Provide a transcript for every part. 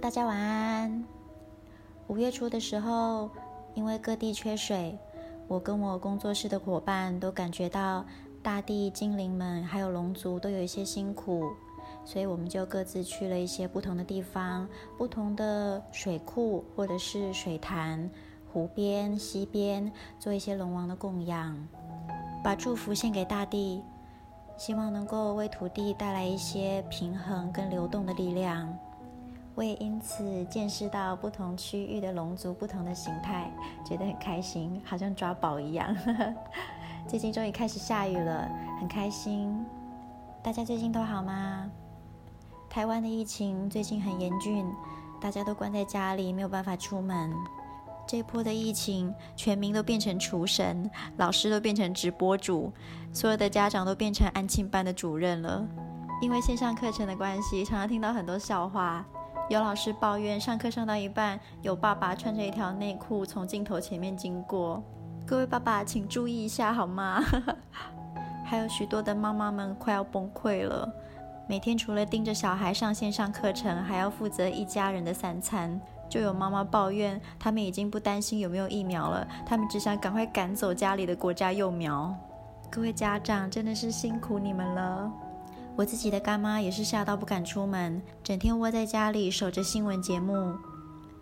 大家晚安。五月初的時候，因為各地缺水，我跟我工作室的夥伴都感覺到大地精靈們還有龍族都有一些辛苦，所以我們就各自去了一些不同的地方，不同的水庫或者是水潭、湖邊、溪邊做一些龍王的供養，把祝福獻給大地，希望能夠為土地帶來一些平衡跟流動的力量。我也因此見識到不同區域的龍族不同的形態，覺得很開心，好像抓寶一樣。 最近終於開始下雨了，很開心。大家最近都好嗎？台灣的疫情最近很嚴峻，大家都關在家裡，沒有辦法出門。這波的疫情，全民都變成廚神，老師都變成直播主，所有的家長都變成安親班的主任了。因為線上課程的關係，常常聽到很多笑話。有老師抱怨，上課上到一半，有爸爸穿着一條內褲從鏡頭前面經過。各位爸爸，請注意一下好嗎？ 還有許多的媽媽們快要崩潰了，每天除了盯着小孩上線上課程，還要負責一家人的三餐。就有媽媽抱怨，他們已經不擔心有沒有疫苗了，他們只想趕快趕走家裡的國家幼苗。各位家長，真的是辛苦你們了。我自己的乾媽也是嚇到不敢出門，整天窩在家裡守着新聞節目。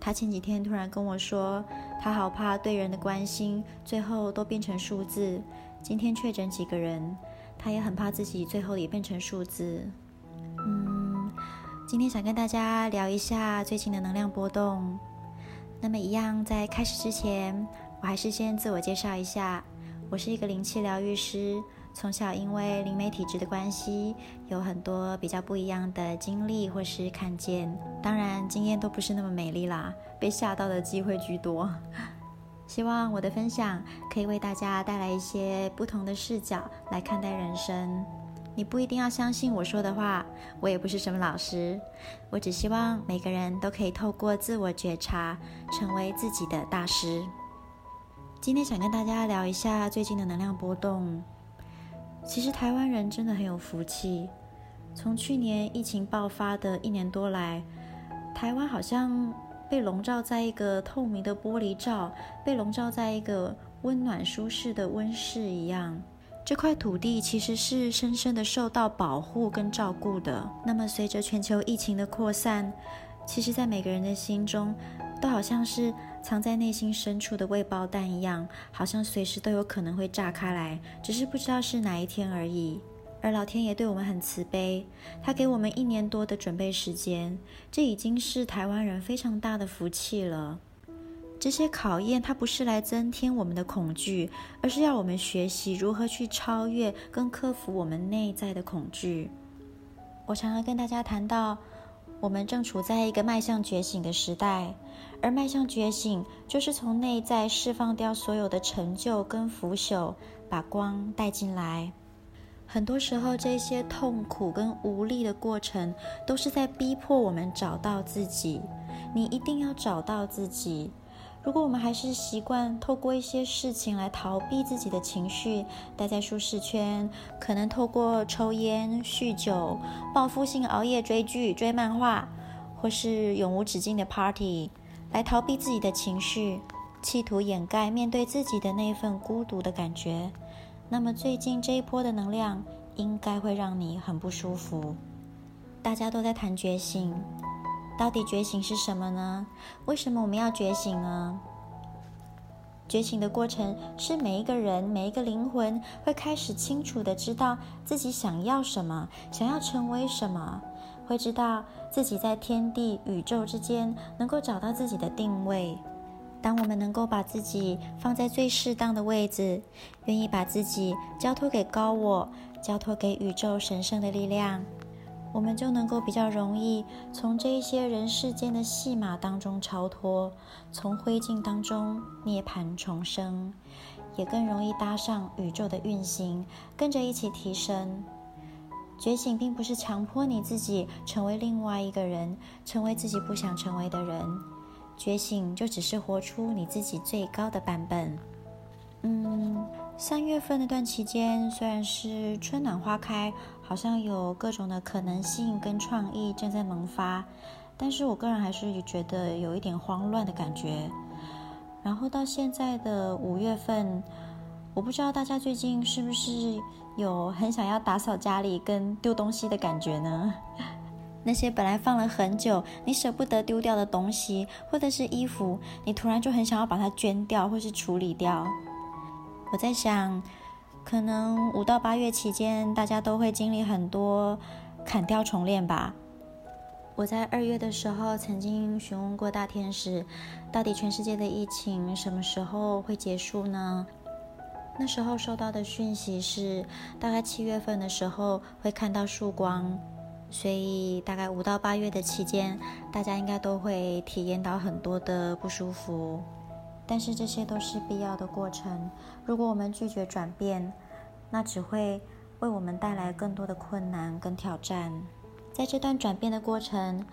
她前幾天突然跟我說，她好怕對人的關心最後都變成數字。今天確診幾個人，她也很怕自己最後也變成數字。嗯，今天想跟大家聊一下最近的能量波動。那麼一樣，在開始之前，我還是先自我介紹一下，我是一個靈氣療癒師。從小，因為靈媒體質的關係，有很多比較不一樣的經歷，或是看見，當然經驗都不是那麼美麗啦，被嚇到的機會居多。希望我的分享可以為大家帶來一些不同的視角來看待人生。你不一定要相信我說的話，我也不是什麼老師，我只希望每個人都可以透過自我覺察，成為自己的大師。今天想跟大家聊一下最近的能量波動。其實台灣人真的很有福氣，從去年疫情爆發的一年多來，台灣好像被籠罩在一個透明的玻璃罩，被籠罩在一個溫暖舒適的溫室一樣。這塊土地其實是深深的受到保護跟照顧的。那麼隨着全球疫情的擴散，其實，在每個人的心中，都好像是藏在內心深處的未爆彈一樣，好像隨時都有可能會炸開來，只是不知道是哪一天而已。而老天爺對我們很慈悲，他給我們一年多的準備時間，這已經是台灣人非常大的福氣了。這些考驗，它不是來增添我們的恐懼，而是要我們學習如何去超越跟克服我們內在的恐懼。我常常跟大家談到。我們正處在一個邁向覺醒的時代，而邁向覺醒就是從內在釋放掉所有的陳舊跟腐朽，把光帶進來。很多時候，這些痛苦跟無力的過程，都是在逼迫我們找到自己。你一定要找到自己。如果我們還是習慣透過一些事情來逃避自己的情緒，待在舒適圈，可能透過抽菸、酗酒、報復性熬夜追劇、追漫畫，或是永無止境的 Party 來逃避自己的情緒，企圖掩蓋面對自己的那份孤獨的感覺，那麼最近這一波的能量應該會讓你很不舒服。大家都在談覺醒。到底覺醒是什麼呢？為什麼我們要覺醒呢？覺醒的過程是每一個人、每一個靈魂會開始清楚地知道自己想要什麼，想要成為什麼，會知道自己在天地宇宙之間能夠找到自己的定位。當我們能夠把自己放在最適當的位置，願意把自己交托給高我，交托給宇宙神聖的力量。我們就能夠比較容易從這一些人世間的戲碼當中超脫，從灰燼當中涅槃重生，也更容易搭上宇宙的運行，跟着一起提升。覺醒並不是強迫你自己成為另外一個人，成為自己不想成為的人。覺醒就只是活出你自己最高的版本。嗯，三月份那段期間，雖然是春暖花開。好像有各種的可能性跟創意正在萌發，但是我個人還是覺得有一點慌亂的感覺。然後到現在的五月份，我不知道大家最近是不是有很想要打掃家裡跟丟東西的感覺呢？那些本來放了很久，你捨不得丟掉的東西，或者是衣服，你突然就很想要把它捐掉或是處理掉。我在想，可能五到八月期間，大家都會經歷很多砍掉重練吧。我在二月的時候曾經詢問過大天使，到底全世界的疫情什麼時候會結束呢？那時候收到的訊息是，大概七月份的時候會看到曙光，所以大概五到八月的期間，大家應該都會體驗到很多的不舒服。但是這些都是必要的過程。如果我們拒絕轉變，那只會為我們帶來更多的困難跟挑戰。在這段轉變的過程，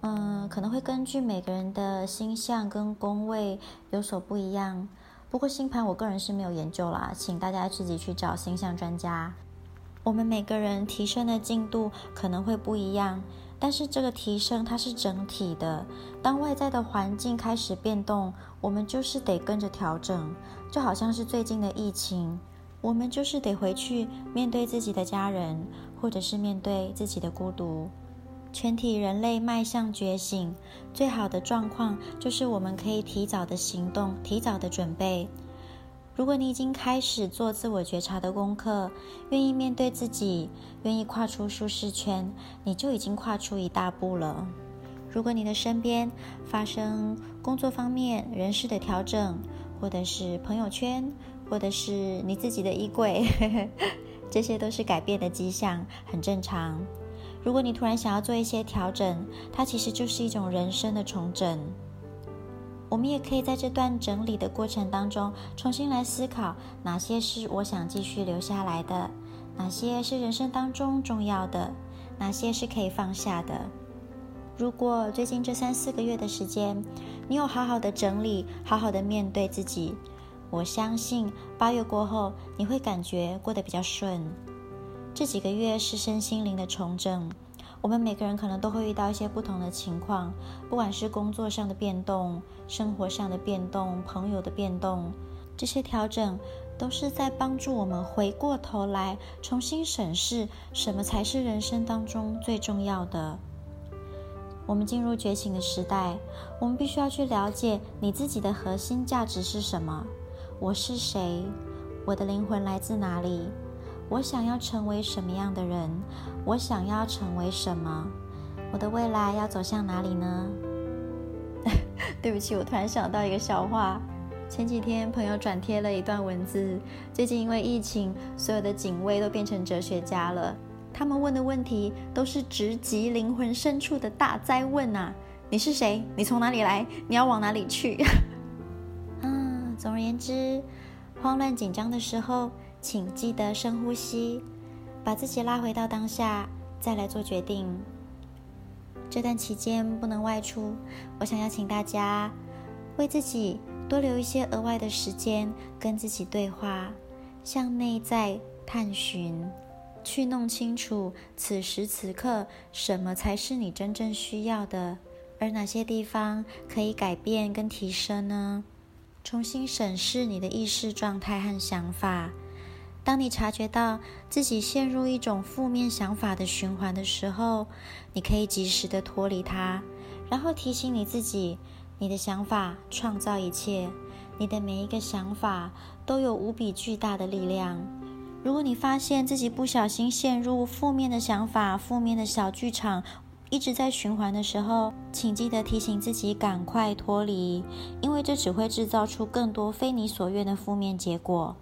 嗯、呃，可能會根據每個人的星象跟宮位有所不一樣。不過星盤我個人是沒有研究啦，請大家自己去找星象專家。我們每個人提升的進度可能會不一樣。但是這個提升它是整體的，當外在的環境開始變動，我們就是得跟着調整。就好像是最近的疫情，我們就是得回去面對自己的家人，或者是面對自己的孤獨。全體人類邁向覺醒，最好的狀況就是我們可以提早的行動，提早的準備。如果你已經開始做自我覺察的功課，願意面對自己，願意跨出舒適圈，你就已經跨出一大步了。如果你的身邊發生工作方面人事的調整，或者是朋友圈，或者是你自己的衣櫃，呵呵，這些都是改變的跡象，很正常。如果你突然想要做一些調整，它其實就是一種人生的重整。我們也可以在這段整理的過程當中，重新來思考哪些是我想繼續留下來的，哪些是人生當中重要的，哪些是可以放下的。如果最近這三四個月的時間，你有好好的整理，好好的面對自己，我相信八月過後，你會感覺過得比較順。這幾個月是身心靈的重整。我們每個人可能都會遇到一些不同的情況，不管是工作上的變動、生活上的變動、朋友的變動，這些調整都是在幫助我們回過頭來重新審視什麼才是人生當中最重要的。我們進入覺醒的時代，我們必須要去了解你自己的核心價值是什麼。我是誰？我的靈魂來自哪裡？我想要成為什麼樣的人？我想要成為什麼？我的未來要走向哪裡呢？ 對不起，我突然想到一個笑話。前幾天朋友轉貼了一段文字，最近因為疫情，所有的警衛都變成哲學家了。他們問的問題都是直擊靈魂深處的大哉問啊！你是誰？你從哪裡來？你要往哪裡去？ 嗯，總而言之，慌亂緊張的時候，請記得深呼吸，把自己拉回到當下，再來做決定。這段期間不能外出，我想邀請大家為自己多留一些額外的時間，跟自己對話，向內在探尋，去弄清楚此時此刻什麼才是你真正需要的，而哪些地方可以改變跟提升呢？重新審視你的意識狀態和想法。當你察覺到自己陷入一種負面想法的循環的時候，你可以及時的脫離它，然後提醒你自己：你的想法創造一切，你的每一個想法都有無比巨大的力量。如果你發現自己不小心陷入負面的想法、負面的小劇場，一直在循環的時候，請記得提醒自己趕快脫離，因為這只會製造出更多非你所願的負面結果。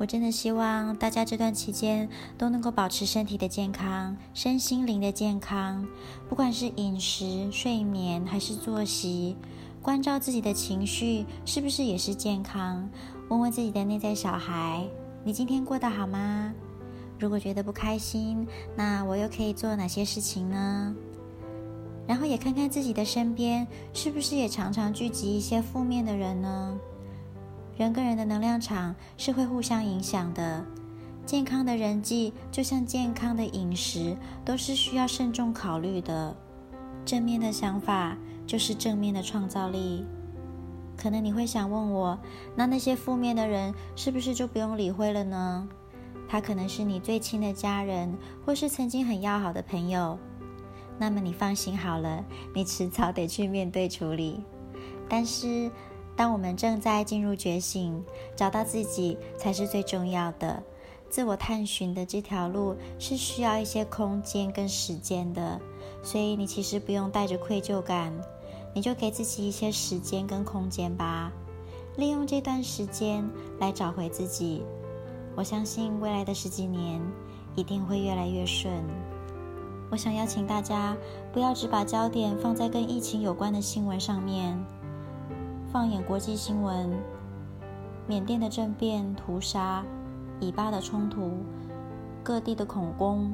我真的希望大家這段期間都能夠保持身體的健康、身心靈的健康。不管是飲食、睡眠，還是作息，關照自己的情緒是不是也是健康？問問自己的內在小孩：“你今天過得好嗎？”如果覺得不開心，那我又可以做哪些事情呢？然後也看看自己的身邊，是不是也常常聚集一些負面的人呢？人跟人的能量場是會互相影響的，健康的人際就像健康的飲食，都是需要慎重考慮的。正面的想法就是正面的創造力。可能你會想問我，那那些負面的人是不是就不用理會了呢？他可能是你最親的家人，或是曾經很要好的朋友。那麼你放心好了，你遲早得去面對處理。但是。當我們正在進入覺醒，找到自己才是最重要的。自我探尋的這條路是需要一些空間跟時間的，所以你其實不用帶着愧疚感，你就給自己一些時間跟空間吧。利用這段時間來找回自己，我相信未來的十幾年一定會越來越順。我想邀請大家，不要只把焦點放在跟疫情有關的新聞上面。放眼國際新聞，緬甸的政變屠殺，以巴的衝突，各地的恐攻，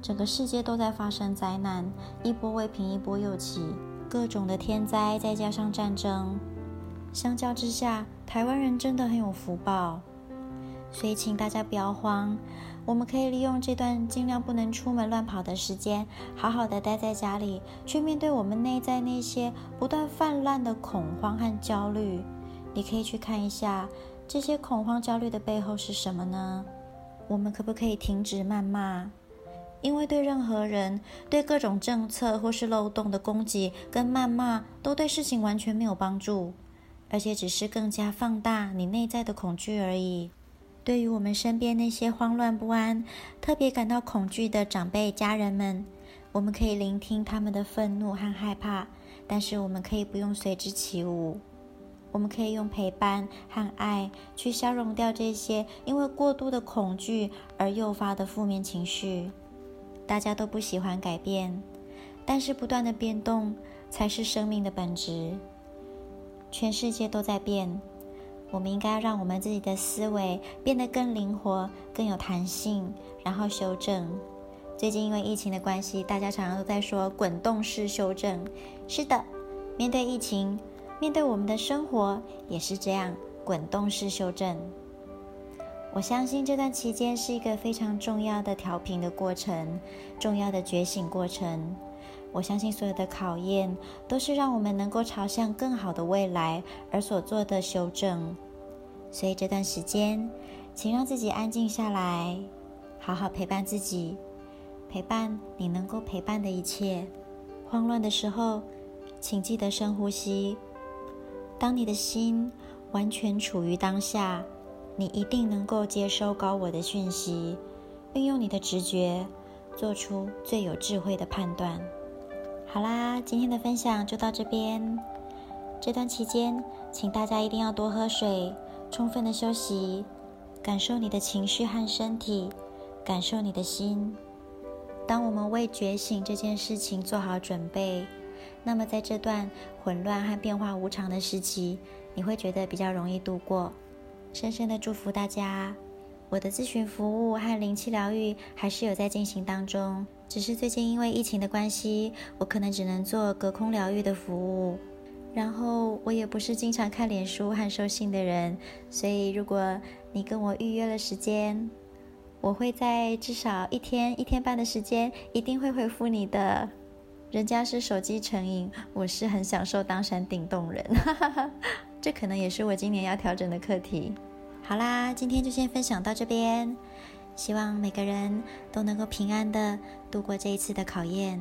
整個世界都在發生災難，一波未平一波又起，各種的天災再加上戰爭，相較之下，台灣人真的很有福報。所以，請大家不要慌。我們可以利用這段盡量不能出門亂跑的時間，好好的待在家裡，去面對我們內在那些不斷氾濫的恐慌和焦慮。你可以去看一下，這些恐慌焦慮的背後是什麼呢？我們可不可以停止謾罵？因為對任何人、對各種政策或是漏洞的攻擊跟謾罵，都對事情完全沒有幫助，而且只是更加放大你內在的恐懼而已。對於我們身邊那些慌亂不安、特別感到恐懼的長輩家人們，我們可以聆聽他們的憤怒和害怕，但是我們可以不用隨之起舞。我們可以用陪伴和愛去消融掉這些因為過度的恐懼而誘發的負面情緒。大家都不喜歡改變，但是不斷的變動才是生命的本質。全世界都在變。我們應該要讓我們自己的思維變得更靈活、更有彈性，然後修正。最近因為疫情的關係，大家常常都在說滾動式修正。是的，面對疫情，面對我們的生活也是這樣，滾動式修正。我相信這段期間是一個非常重要的調頻的過程，重要的覺醒過程。我相信所有的考驗都是讓我們能夠朝向更好的未來而所做的修正，所以這段時間，請讓自己安靜下來，好好陪伴自己，陪伴你能夠陪伴的一切。慌亂的時候，請記得深呼吸。當你的心完全處於當下，你一定能夠接收高我的訊息，運用你的直覺，做出最有智慧的判斷。好啦，今天的分享就到這邊。這段期間，請大家一定要多喝水，充分的休息，感受你的情緒和身體，感受你的心。當我們為覺醒這件事情做好準備，那麼在這段混亂和變化無常的時期，你會覺得比較容易度過。深深的祝福大家，我的諮詢服務和靈氣療癒還是有在進行當中。只是最近因為疫情的關係，我可能只能做隔空療癒的服務。然後我也不是經常看臉書和收信的人，所以如果你跟我預約了時間，我會在至少一天一天半的時間，一定會回復你的。人家是手機成癮，我是很享受當山頂洞人哈哈哈哈。這可能也是我今年要調整的課題。好啦，今天就先分享到這邊。希望每個人都能夠平安地度過這一次的考驗。